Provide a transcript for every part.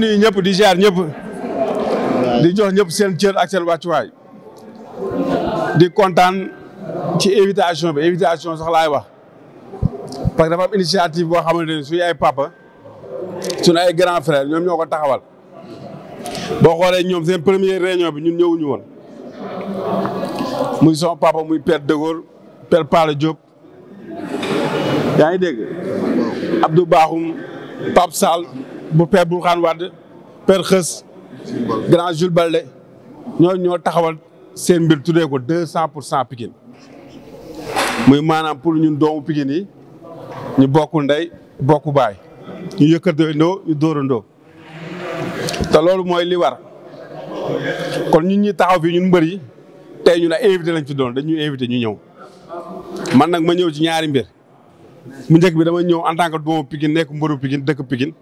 nuyu ñëpp di jaar ñëpp di jox ñëpp seen cër ak seen wàccuwaay di kontaan ci invitation bi invitation sax laay wax parce que dafa am initiative boo xamante ne suñu ay papa sun ay grand frère ñoom ñoo ko taxawal boo xoolee ñoom seen première réunion bi ñun ñëwuñu woon muy son papa muy père de Gaulle père Paala Diop yaa ngi dégg Abdou Bakhoum Pape bu père Bourkhane Wade père Xës grand ñoo ñoo taxawal seen mbir tuddee ko deux cent pour cent Pikine muy maanaam pour ñun doomu Pikine yi ñu bokku ndey bokku baay ñu yëkkatandoo ñu dóorandoo te loolu mooy li war kon ñun ñi taxaw fii ñun mbër yi te ñun ne invité lañ fi doon dañuy invité ñu ñëw man nag ma ñëw ci ñaari mbir mu njëkk bi dama ñëw en tant que doomu Pikine nekk mbëru Pikine dëkk Pikine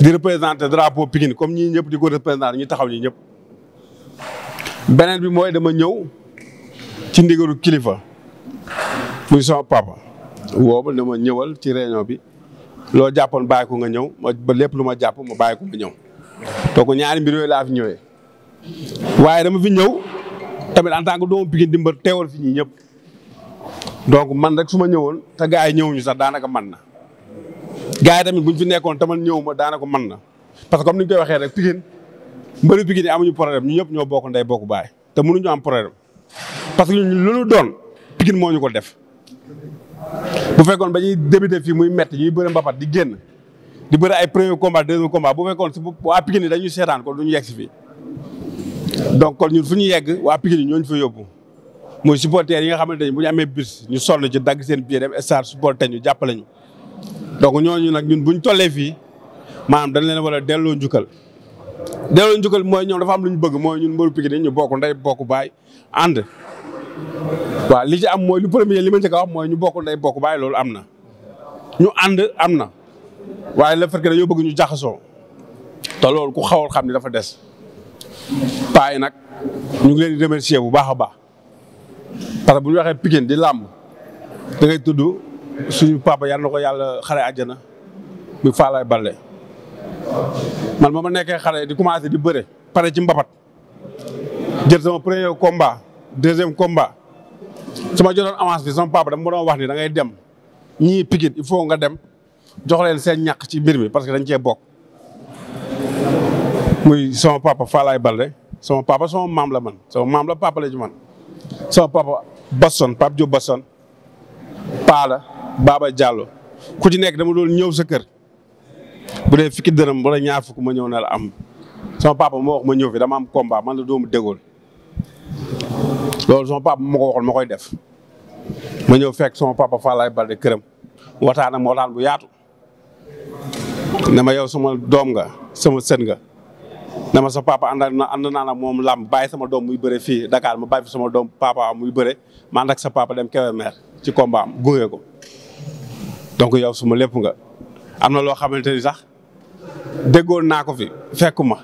di représenté drapeau Pikine comme ñi ñëpp di ko représenté ñu taxaw ñi ñëpp. beneen bi mooy dama ñëw ci ndigalu kilifa muy sama papa wooba ñëwal ci réunion bi loo jàppoon bàyyi nga ñëw ma ba lépp lu ma jàpp ma bàyyi ko ma ñëw donc ñaari mbir yooyu laa fi ñëwee waaye dama fi ñëw tamit en tant que doomu Pikine dimbal teewal fi ñi ñëpp donc man rek su ma ñëwoon te gars yi ñëwuñu sax daanaka man na gars yi tamit buñ fi nekkoon tamal ñëw ma daanaka mën na parce que comme ni ñu koy waxee rek Pikine mbëri Pikine yi amuñu problème ñëpp ñoo bokk ndey bokk baay te mënuñu am problème parce que ñun doon Pikine moo ñu ko def. bu fekkoon ba ñuy débuté muy métti ñuy bëri mbapat di génn di bëri ay premier combat deuxième combat bu fekkoon si waa Pikine dañuy seetaan kon du ñu yegg si fii donc kon ñun fu ñu yegg waa Pikine yi ñooñu fa yóbbu. mooy supporters yi nga xamante ne bu ñu amee bis ñu sonn ci dagg seen biir dem star supporter ñu jàppale ñu donc ñooñu nag ñun ñu tollee fii maanaam dañ leen war a delloo njukkal delloo njukkal mooy ñoom dafa am lu ñu bëgg mooy ñun mbaru Pikine ñu bokk ndey bokk baay ànd. waaw li ci am mooy lu premier li ma njëkk a wax mooy ñu bokk ndey bokk baay loolu am na ñu ànd am na waaye la fait que dañoo bëgg ñu jaxasoo te loolu ku xawal xam ne dafa des paa nag ñu ngi leen di bu baax a baax parce que bu ñu waxee Pikine di làmb da ngay tudd. suñu papa yal ko yàlla xare àjjana muy Faalaay Baldé man ba ma nekkee xale di commencé di bëre pare ci mbapat jël sama premier komba deuxième combat sama jotoon avance bi sama papa dama ma doon wax ni da ngay dem ñii Pikine il faut nga dem jox leen seen ñàq ci mbir mi parce que dañ cee bokk muy sama papa Faalaay Baldé sama papa sama maam la man sama maam la papa la ci man sama papa Basson Pape Diop Basson paa baaba Diallo ku ci nekk dama doon ñëw sa kër bu dee fukki dërëm wala ñaar fukk ma ñëw na la am sama papa moo wax ma ñëw fi dama am combat man la doomu dégool loolu sama papa ma koy def ma ñëw fekk sama papa këram waxtaan ak ma bu yaatu ne ma yow sama doom sama sën nga ne ma sa papa ànd na ànd naa nag bàyyi sama doom muy bëre fii Dakar ma bàyyi sama doom papa muy bëre ma ak sa papa dem Kébémer ci combat am gunge ko. donc yow suma lépp nga am na loo xamante ni sax déggoon naa ko fi fekku ma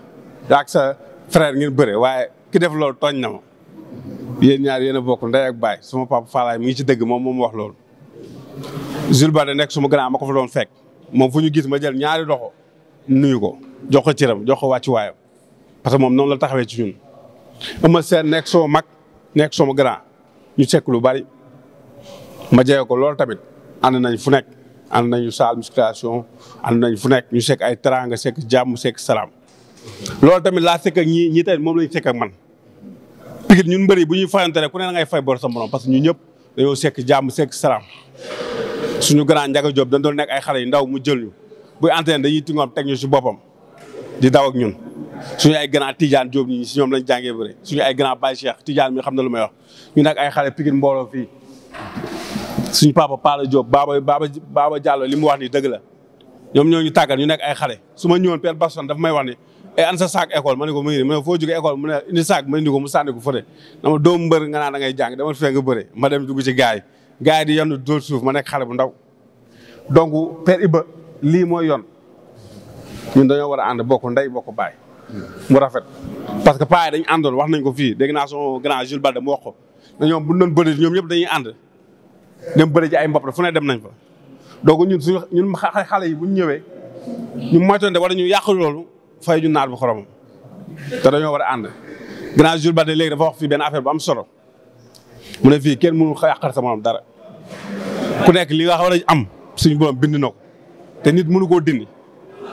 ak sa frère ngeen bëre waaye ki def loolu tooñ na ma yéen ñaar yéen a bokk ndey ak baay suma papa Faalaay mi ngi ci dëgg moom moom wax loolu. Jules Baldé nekk suma grand ma ko fa doon fekk moom fu ñu gis ma jël ñaari doxo nuyu ko jox ko cëram jox ko wàccuwaayam parce que moom noonu la taxawee ci ñun. Eumeu Sène nekk suma mag nekk suma grand ñu sekk lu bari ma jege ko loolu tamit ànd nañ fu nekk. ànd nañu salle musculation ànd nañ fu nekk ñu sekk ay teraanga sekk mu sekk salaam loolu tamit laa sekk ak ñi ñi tamit moom lañ sekk ak man Pikine ñun mbëri bu ñuy fayante ku ne da ngay sa morom parce que ñu ñëpp dañoo sekk jàmm sekk salaam suñu grand Ndiaga dañ doon nekk ay xare yu ndaw mu jël ñu buy entraîné dañuy tingoom teg ñu si boppam di daw ak ñun suñu ay grand Tidiane joob ñi si ñoom lañ jàngee bëri suñu ay grand Baye Cheikh Tidiane mi xam na lu may ñu nekk ay xale Pikine mbooloo fii suñu papa Pala Diop baaba baaba baaba Diallo li mu wax nii dëgg la ñoom ñoo ñu tàggat ñu nekk ay xale su ma ñëwoon Père Baston daf may wax ne eh, ay an sa saak école ma ne ko mu ngi nii ma ne foo mu ne indi ma ko mu sànni ko fële dama doomu mbër nga naan da ngay jàng dama fee nga bëre ma dem dugg ci gaay gaay yi di yónn dóor suuf ma nekk xale bu ndaw donc Père Iba lii mooy yoon ñun dañoo war a ànd bokk ndey bokk baay mu rafet parce que paa yi dañu àndoon wax nañ ko fii dégg naa son grand Jules Balde mu wax ko ñoom bu ñu doon ànd dem bëri ji ay mbopp fu ne dem nañ fa. donc ñun suñu ñun xale yi bu ñu ñëwee ñu moytoonte wala ñu yàq loolu fay ñu naar bu xoromam te dañoo war a ànd. grand jour ba de léegi dafa wax fii benn affaire bu am solo mu ne fii kenn mënul yàqal sa morom dara ku nekk li nga war a am suñu borom bind na te nit mënu koo dindi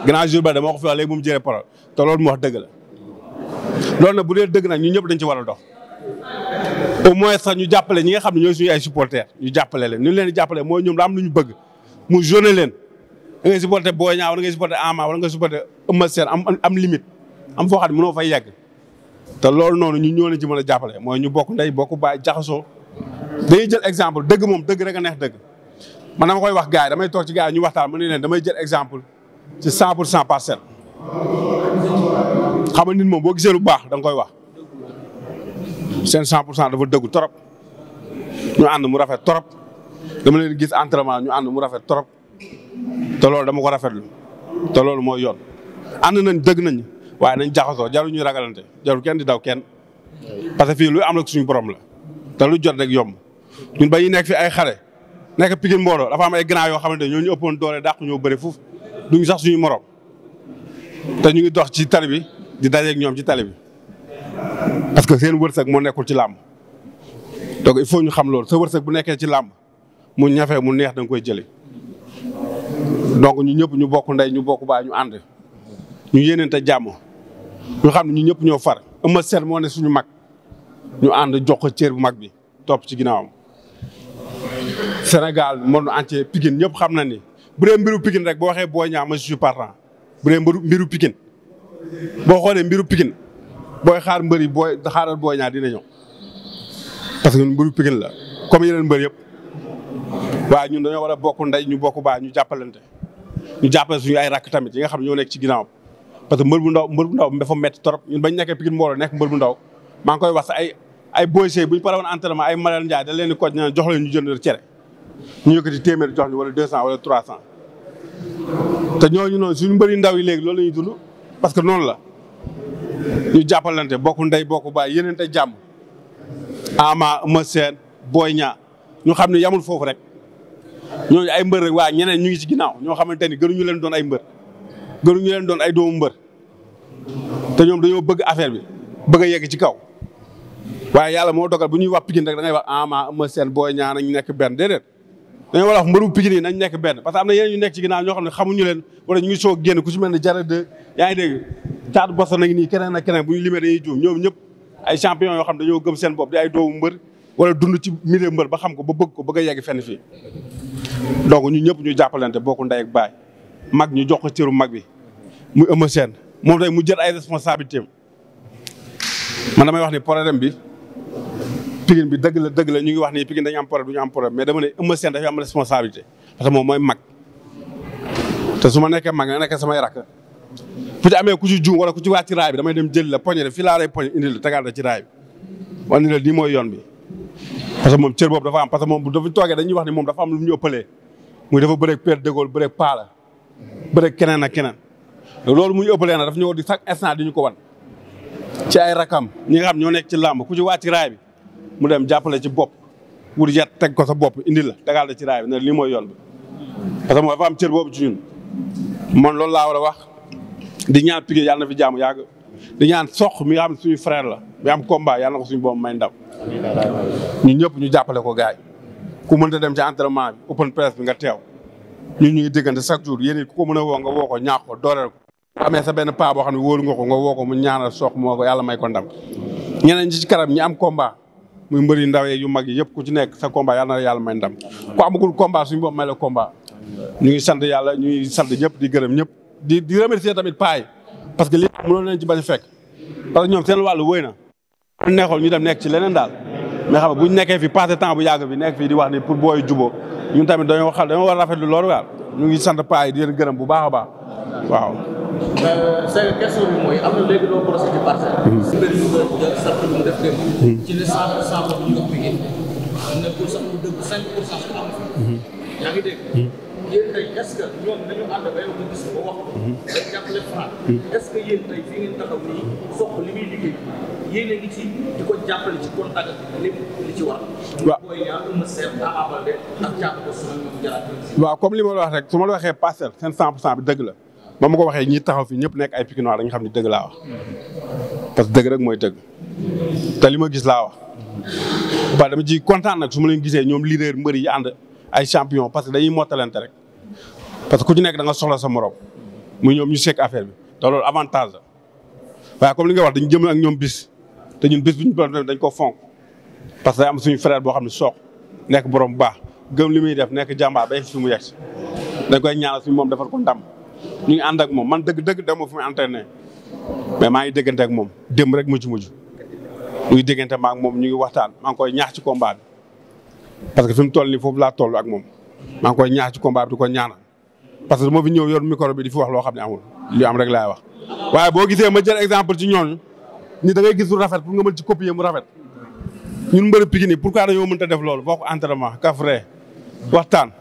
grand jour ba de moo ko fi wax léegi mu jëlee parole te loolu mu wax dëgg la loolu nag bu dee dëgg na ñun ñëpp dañ ci war a dox. au moins sax ñu jàppale ñi nga xam ne ñooy suñu ay supporters ñu jàppale leen ñu leen di jàppale mooy ñoom la am lu ñu bëgg mu jone leen da ngay supporter Boy Niang wala supporter nga supporter Eumeu am am limite am foo xam ne mënoo fay yegg te loolu noonu ñu ñoo leen ci mën a jàppale mooy ñu bokk ndey bokk baay jaxasoo dañuy jël exemple dëgg moom dëgg rek a neex dëgg man dama koy wax gars yi damay toog ci gars ñu waxtaan ma ne leen damay jël exemple ci cent pour cent xam nga nit moom boo gisee lu baax danga koy wax seen cent pour cent dafa dëggu torop ñu ànd mu rafet torop dama leen gis entraînement ñu ànd mu rafet torop te loolu dama ko rafetlu te loolu mooy yoon ànd nañ dëgg nañ waaye nañ jaxasoo jarul ñuy ragalante jarul kenn di daw kenn parce que fii lu am la suñu borom la te lu jot rek yomb ñu ba ñuy nekk fi ay xale nekk Pikine mbooloo dafa am ay grand yoo xamante ñoo ñu ëppoon doole dàq ñoo bëri foofu duñ sax suñu morom te ñu ngi dox ci tali bi di dajeek ñoom ci tali bi parce que seen wërsëg moo nekkul ci làmb donc il faut ñu xam loolu sa wërsëg bu nekkee ci làmb mu ñafe mu neex da koy jëli donc ñu ñëpp ñu bokk ndey ñu bokk baa ñu ànd ñu yéeneente jàmm ñu xam ne ñu ñëpp ñoo far Eumeu Sène moo ne suñu mag ñu ànd jox ko cër bu mag bi topp ci ginnaawam. Sénégal monde entier Pikine ñëpp xam na ni bu dee mbiru Pikine rek boo waxee boo Niang ma je suis partant bu dee mbiru Pikine boo xoolee mbiru Pikine booy xaar mbër yi booy xaaral booy ñaar dina ñëw parce que bu Pikine la comme yeneen mbër yëpp waa ñun dañoo war a bokk ndey ñu bokk baa ñu jàppalante ñu jàppale suñu ay rakk tamit yi nga xam ñoo nekk ci ginnaawam parce que mbër bu ndaw mbër bu ndaw dafa métti trop ñun bañ nekkee Pikine nekk mbër bu ndaw maa koy wax sa ay ay boy bu ñu pare woon entraînement ay Malal Ndiaye da leen di kooj jox leen ñu jënd cere ñu yëkkati téeméer jox ñu wala deux cent wala trois cent te ñooñu noonu suñu mbëri ndaw yi léegi loolu la ñuy dund parce que noonu la ñu jàppalante bokku ndey bokku yeneen yéeneente jàmm Ama Eumeu Sène Boy Niang ñu xam ne yamul foofu rek ñooñu ay mbër waa ñeneen ñu ngi ci ginnaaw ñoo xamante ni gënuñu leen doon ay mbër gënuñu leen doon ay doomu mbër te ñoom dañoo bëgg affaire bi bëgg a ci kaw waaye yàlla moo dogal bu ñuy wax Pikine rek da ngay nekk benn déedéet dañoo war a wax mbëru Pikine yi nañ nekk benn ñu ñoo xam ne xamuñu leen wala ñu ngi soog génn ku ci mel ne Jara de yaa ngi dégg caatu Boston nag nii keneen ak keneen bu ñu limee dañuy juum ñoom ñëpp ay champion yoo xam dañoo gëm seen bopp di ay doomu mbër wala dund ci milieu mbër ba xam ko ba bëgg ko bëgg a yegg fenn fii donc ñun ñëpp ñu jàppalante bokku ndey ak baay mag ñu jox ko cëru mag bi muy ëmb moom tey mu jël ay responsabilité man damay wax ni problème bi Pikine bi dëgg la dëgg ñu ngi wax ni Pikine am problème du ñu am problème mais dama ne ëmb seen dafay am responsabilité parce que moom mooy su ma nekkee mag na nekk samay rakk fu ci amee ku ci juum wala ku ci wàcc ci raay bi damay dem jël la poñe de fii laa poñe indil la tegaat ci raay bi ni la nii mooy yoon bi parce que moom cër boobu dafa am parce que moom dafa toogee dañuy wax ni moom dafa am lu mu ñu ëppalee muy dafa bëreeg Pierre de loolu mu ñu ëppalee nag daf ñëw di chaque instant di ñu ko wan ci ay rakam ñi nga xam ñoo nekk ci làmb ku ci wàcc ci raay bi mu dem jàppale ci bopp wut yat teg ko sa bopp indil la tegaat la ci raay bi lii mooy yoon bi parce moom dafa am cër boobu ci ñun man loolu laa war a di ñaan Piquet yàlla na fi jaamu yàgg di ñaan soq mi nga xam suñu frère la mi am combat yàlla na ko suñu boom may ndam. ñu ñëpp ñu jàppale ko gaay ku mënta dem ci entraînement bi open press bi nga teew ñun ñu ngi diggante chaque jour yéen ku ko mën a woo nga woo ko ñaax ko dooleel ko. amee sa benn paa boo xam ne wóolu nga ko nga woo ko mu ñaanal soq moo ko yàlla may ko ndam ñeneen ñi ci kanam ñu am komba muy mbëri ndaw yeeg yu mag yëpp ku ci nekk sa combat yàlla na yàlla may ndam ku amagul suñu boom may la combat ñu ngi sant yàlla ñu sant ñëpp di gërëm ñëpp di di remercier tamit paay parce que lii mënoon leen ci bañ a fekk parce que ñoom seen wàllu wëy na neexoon ñu dem nekk ci leneen daal mais xam nga bu ñu nekkee fi passé temps bu yàgg bi nekk fii di wax ni pour booy jubóo ñun tamit dañoo xam dañoo war rafet rafetlu loolu daal ñu ngi sant paay di leen gërëm bu baax a baax waaw. Euh, Mhm. Mhm. waaw booy comme li ma la wax rek su ma la waxee parcelle seen samp pour dëgg la ba ma ko waxee ñi taxaw fi ñëpp nekk ay Pikinois dañu xam ni dëgg laa wax parce que dëgg rek mooy dëgg te li ma gis laa wax ba dama ci kontaan nag su ma leen gisee ñoom leader mbër yi ànd ay champion parce que dañuy mottalante rek. parce que ku ci nekk da nga soxla sa morom mu ñoom ñu sekk affaire bi te loolu avantage la waaye li nga wax dañu jëm ak ñoom bis te ñun bis bu ñu doon dañ ko fonk parce que am suñu frère boo xam ne soog nekk borom baax gëm li muy def nekk jàmbaar ba fi mu yegg koy ñaanal suñu moom defal ko ndam ñu ànd ak moom man dëgg-dëgg dama fu muy entraîné mais maa ngi déggante ak moom démb rek mujj mujj mu ngi déggante ma moom ñu ngi waxtaan maa koy ñaax ci combat bi parce que fi mu toll nii foofu laa toll ak moom maa ngi koy ñaax ci combat bi di ko ñaanal. parce que moo ma fi ñëw yor micro bi di fi wax loo xam ne amul li am rek laay wax waaye boo gisee ma jël exemple ci ñooñu ni da ngay gis lu rafet pour nga mën ci copier mu rafet ñun mbëri Pikine pourquoi dañoo mënta def loolu bokk entraînement kafre waxtaan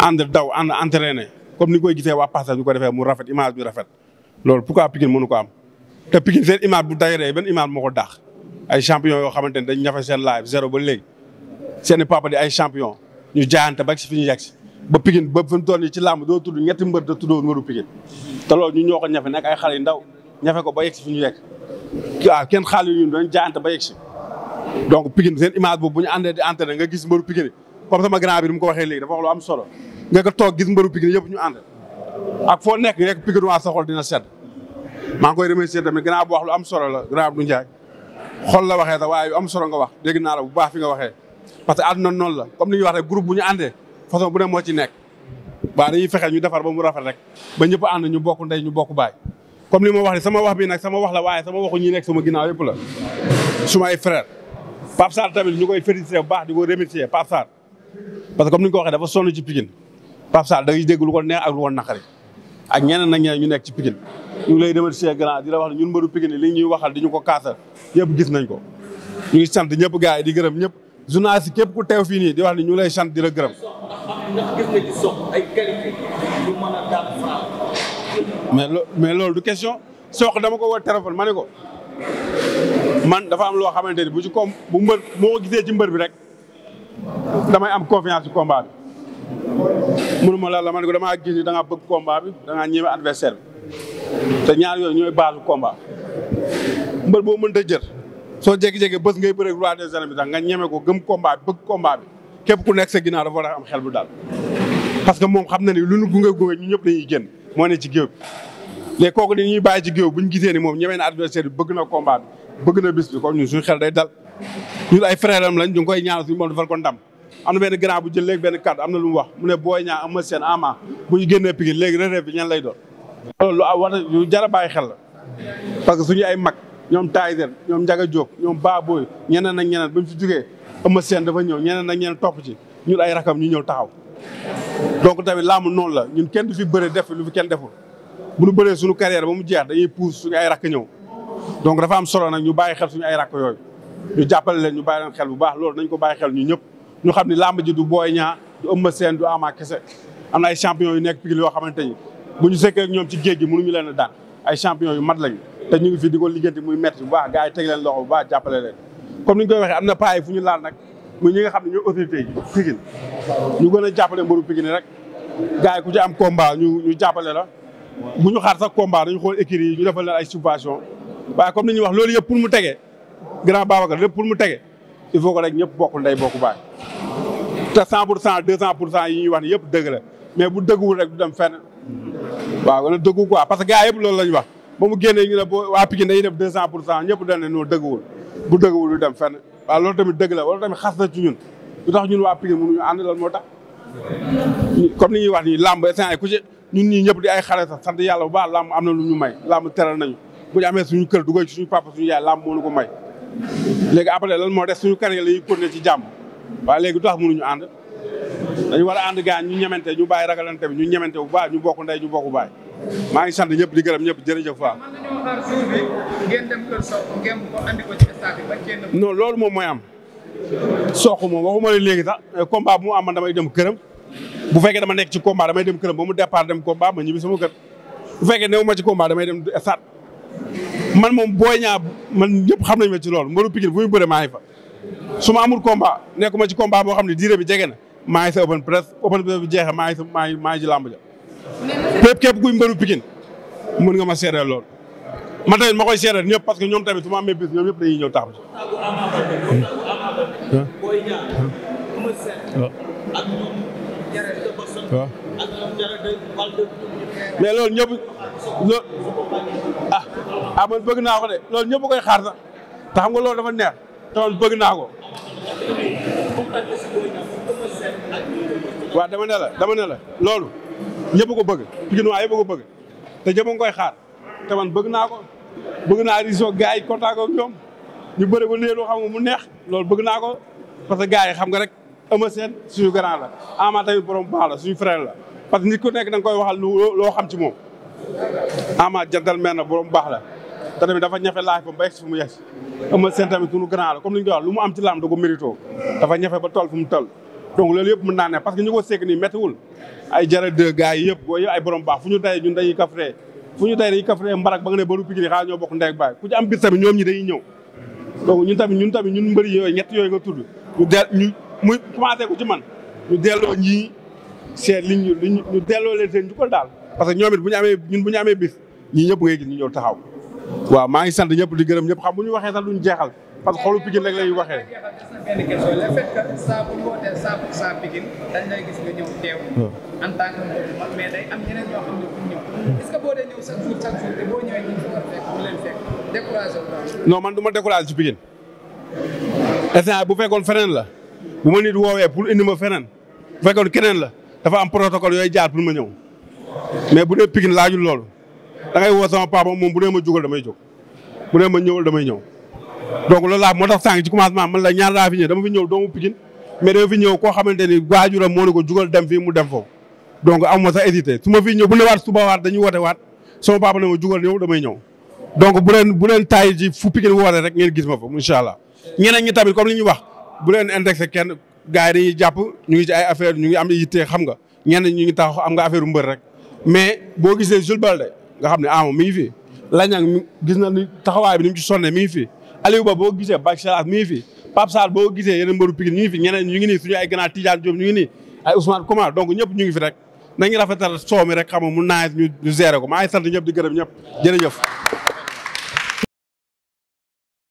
ànd daw ànd entraîné comme ni koy gisee waa passage ñu ko defee mu rafet image bu rafet loolu pourquoi Pikine mënu ko am te Pikine seen image bu dayree benn image moo ko daax ay champion yoo xamante ne dañ ñafe seen live zéro ba léegi seeni papa di ay champion ñu jaayante ba ci ñu yegg si ba Pikine ba fi mu toll nii ci làmb doo tudd ñetti mbër da tuddoon mbëru Pikine te loolu ñun ñoo ko ñafe nekk ay xale yu ndaw ñafe ko ba yegg si ñu yegg waaw kenn xale yu ñun dañ jaante ba yegg si donc Pikine seen image ñu àndee nga gis mbëru Pikine comme sama grand waxee léegi dafa wax lu am solo nga ko toog gis mbëru yëpp ñu ànd ak foo nekk nekk Pikine waa sa dina sedd maa ngi koy remercier tamit grand wax lu am solo la grand du Ndiaye xol la waxee sax waaye am solo nga wax dégg naa bu baax fi nga waxee parce que àdduna noonu la comme ni ñuy wax rek groupe bu ñu àndee façon bu ne moo ci nekk waaw dañuy fexe ñu defar ba mu rafet rek ba ñëpp ànd ñu bokk ndey ñu bokk baay comme li ma wax ni sama wax bi nag sama wax la waaye sama waxu ñi nekk sama ginnaaw yëpp la suma ay frère Pape Sarr tamit ñu koy féliciter bu baax di ko remercier Pape Sarr parce que comme ni nga ko waxee dafa sonn ci Pikine Pape Sarr da ngay dégg lu ko neex ak lu ko naqari ak ñeneen ak ñeneen ñu nekk ci Pikine ñu ngi lay remercier grand di la wax ne ñun mbëru Pikine li ñuy waxal ñu ko kaasal yëpp gis nañ ko ñu ngi sant ñëpp gars yi di gërëm ñëpp journaliste képp ku teew fii nii di wax ñu lay sant di la gërëm ndax gis mais loo mais loolu du question sox dama ko war téléphone ma ne ko man dafa am loo xamante ni bu ci kom bu mbër moo ko gisee ci mbër bi rek damay am confiance ci combat bi. mënuma la la ko damaa gis ni da bëgg combat bi da ngaa ñeme adversaire bi te ñaar yooyu ñooy baalu combat mbër boo te jër soo jékki-jékki bés ngay bëre roi des bi sax nga ñeme ko gëm combat bi bëgg combat képp ku nekk sa ginnaaw war a am xel bu daal parce que moom xam na ni lu nu gunge gunge ñu ñëpp dañuy génn moo ne ci géew bi léegi kooku dañuy bàyyi ci géew bu ñu gisee ni moom ñemee na adversaire bi bëgg na combat bi bëgg na bis bi kon ñun xel day dal ñun ay frère am lañ ñu ngi koy ñaanal ko ndam am na benn grand bu jël léegi benn am na lu mu wax mu ne booy ñaa ama seen ama bu léegi relève bi ñan lay doon loolu lu war a lu jar a bàyyi xel la parce que suñu ay mag ñoom Tyson ñoom Ndiaga Diop ñoom Baboy ñeneen ak ñeneen bu ñu fi jugee Eumeu Sène dafa ñëw ñeneen ak ñeneen topp ci ñu ay rakam ñu ñëw taxaw donc tamit laamu noonu la ñun kenn du fi bëre def lu fi kenn deful bu nu bëree suñu carrière ba mu jeex dañuy pousse suñu ay rakk ñëw donc dafa am solo nag ñu bàyyi xel suñu ay rakk yooyu ñu jàppale leen ñu bàyyi leen xel bu baax loolu nañ ko bàyyi xel ñu ñëpp ñu xam ni làmb ji du booy Niang du Eumeu Sène du Ama kese am na ay champion yu nekk Pikine yoo xamante ñi bu ñu sekkee ñoom ci géej gi mënuñu leen a daan ay champion yu mat lañu te ñu ngi fi di ko liggéenti muy métti bu baax gars yi leen loxo bu baax jàppale leen comme ni ñu koy waxee am na paa yi fu ñu laal nag muy ñi nga xam ne ñooy autorité yi Pikine ñu gën a jàppale mbaru Pikine rek gars yi ku ci am combat ñu ñu jàppale la bu ñu xaar sax combat dañu xool écurie yi ñu defal leen ay subvention waaye comme ni ñuy wax loolu yëpp pour mu tege grand Babacar lépp pour mu tege il faut que rek ñëpp bokkul ndey bokku baay te cent pour cent pour cent yi ñuy wax ni yëpp dëgg mais bu dëgguwul rek du dem fenn waaw wala dëggu quoi parce que gars yëpp loolu la ñu ba mu génnee ñu ne boo waa Pikine dañuy def deux cent pour cent ñëpp dañ ne noo dëggwul bu dëggwul du dem fenn waaw loolu tamit dëgg la wala tamit xas na ci ñun lu tax ñun waa Pikine mënuñu ànd loolu moo tax comme ni ñuy wax nii làmb instant ay ku ci ñëpp di ay xale sax sant yàlla bu baax làmb am na lu ñu may làmb teral nañu bu ñu amee suñu kër dugal ci suñu papa suñu yaay làmb moo ñu ko may léegi après lan moo des suñu carrière la ñuy continuer ci jàmm waaye léegi du tax mënuñu ànd dañu war a ànd gaañ ñu ñemente ñu bàyyi ragalante bi ñu ñemente bu baax ñu bokk ndey ñu bokk baay maa ngi sant ñëpp di gërëm ñëpp jërëjëf waaw. non loolu moom mooy am. soq moom waxuma la léegi sax combat bu mu am man damay dem këram bu fekkee dama nekk ci combat damay dem këram ba mu départ dem combat ma ñibbi sama kër bu fekkee newuma ci combat damay dem stade man moom booy ñaa man ñëpp xam nañ ci loolu mbaru Pikine bu muy bëre fa su ma amul nekk nekkuma ci combat boo xam ne diire bi jege na maa ngi sa open press open press bi jeexee maa ngi sa maa maa ngi bépp képp kuy mbëru Pikine mën nga ma seedeel lool. ma tamit ma koy seedeel ñëpp parce que ñoom tamit su ma amee bis ñoom ñëpp dañuy ñëw taxaw waaw loolu ñëpp loolu ah ah man bëgg naa de loolu ñëpp koy xaar sax te xam nga loolu dafa neex te man bëgg naa ko. waaw dama ne la dama ne la loolu ñëpp ko bëgg Pikine waa yëpp ko bëgg te ñëpp a koy xaar te man bëgg naa ko bëgg naa riso gars yi ko ak ñoom ñu bëri bu léegi xam mu neex loolu bëgg naa ko parce que gars yi xam nga rek Eumeu Sène suñu grand la Ama tamit borom baax la suñu frère la parce que nit ku nekk da nga koy waxal loo xam ci moom Ama jantal mel na borom baax la te tamit dafa ñafe laaj ko ba egg si fu mu yegg Eumeu Sène tamit suñu grand la comme ni ñu lu mu am ci lamb da ko mérito dafa ñafe ba toll fu mu toll donc loolu yëpp mu naa ne parce que ñu ko sekk nii méttiwul ay jara de gars yëpp booy ay borom baax fu ñu tey ñun dañuy kafree fu ñu tey dañuy kafree mbarak ba nga ne baru Pikine dañuy ñëw donc ñun tamit ñun tamit ñun mbëri yooyu ñett yooyu nga tudd ñu del ñu man ñu delloo ñii seet liñ ñu ñu delloo leen seen njukkal daal parce que ñoom bu ñu amee ñun bu ñu amee bis ñii ñëpp ngay gis ñu ñëw taxaw waaw maa ngi sant ñëpp di gërëm ñëpp xam bu ñu waxee sax ñu jeexal parce que xoolu Pikine rek waxee. benn man du ma découragé ci Pikine. bu fekkoon feneen la bu ma nit woowee pour indi ma feneen bu fekkoon keneen la dafa am protocole yooyu jaar pour ma ñëw mais bu dee Pikine laajul loolu da ngay woo sama moom bu dee ma jugal damay jóg bu dee ma ñëwal damay ñëw. donc loolu laa moo tax sànq ci commencement man la ñaar laa fi ñëw dama fi ñëw doomu Pikine mais dama fi ñëw koo xamante ni waajuram moo ne ko jugal dem fii mu dem foofu donc amu ma sax hésité su ma fii ñëw bu ne waat suba waat dañuy woote waat sama papa ne ma jugal ñëw damay ñëw donc bu leen bu leen taay ji fu Pikine woote rek ngeen gis ma fa incha allah ñeneen ñi tamit comme li ñuy wax bu leen indexé kenn gars yi dañuy jàpp ñu ngi ci ay affaire ñu ngi am yitte xam nga ñenn ñu ngi tax am nga affaire mbër rek mais boo gisee Jules Baldé nga xam ne ama ah mi ngi fi lañang gis na ni taxawaay bi ni mu ci sonne mi ngi fi Aliou Ba boo gisee Bac Seraas mi ngi fi Pape Sarr boo gisee yeneen mbëru Pikine ñu ngi fi ñeneen ngi nii suñu ay gannaaw Tidiane Diop ngi nii ay Ousmane Kouma donc ñëpp ñu ngi fi rek nañu rafetal soow mi rek xam nga mun naa ñu gérer ko maa ngi sant ñëpp di gërëm ñëpp jërëjëf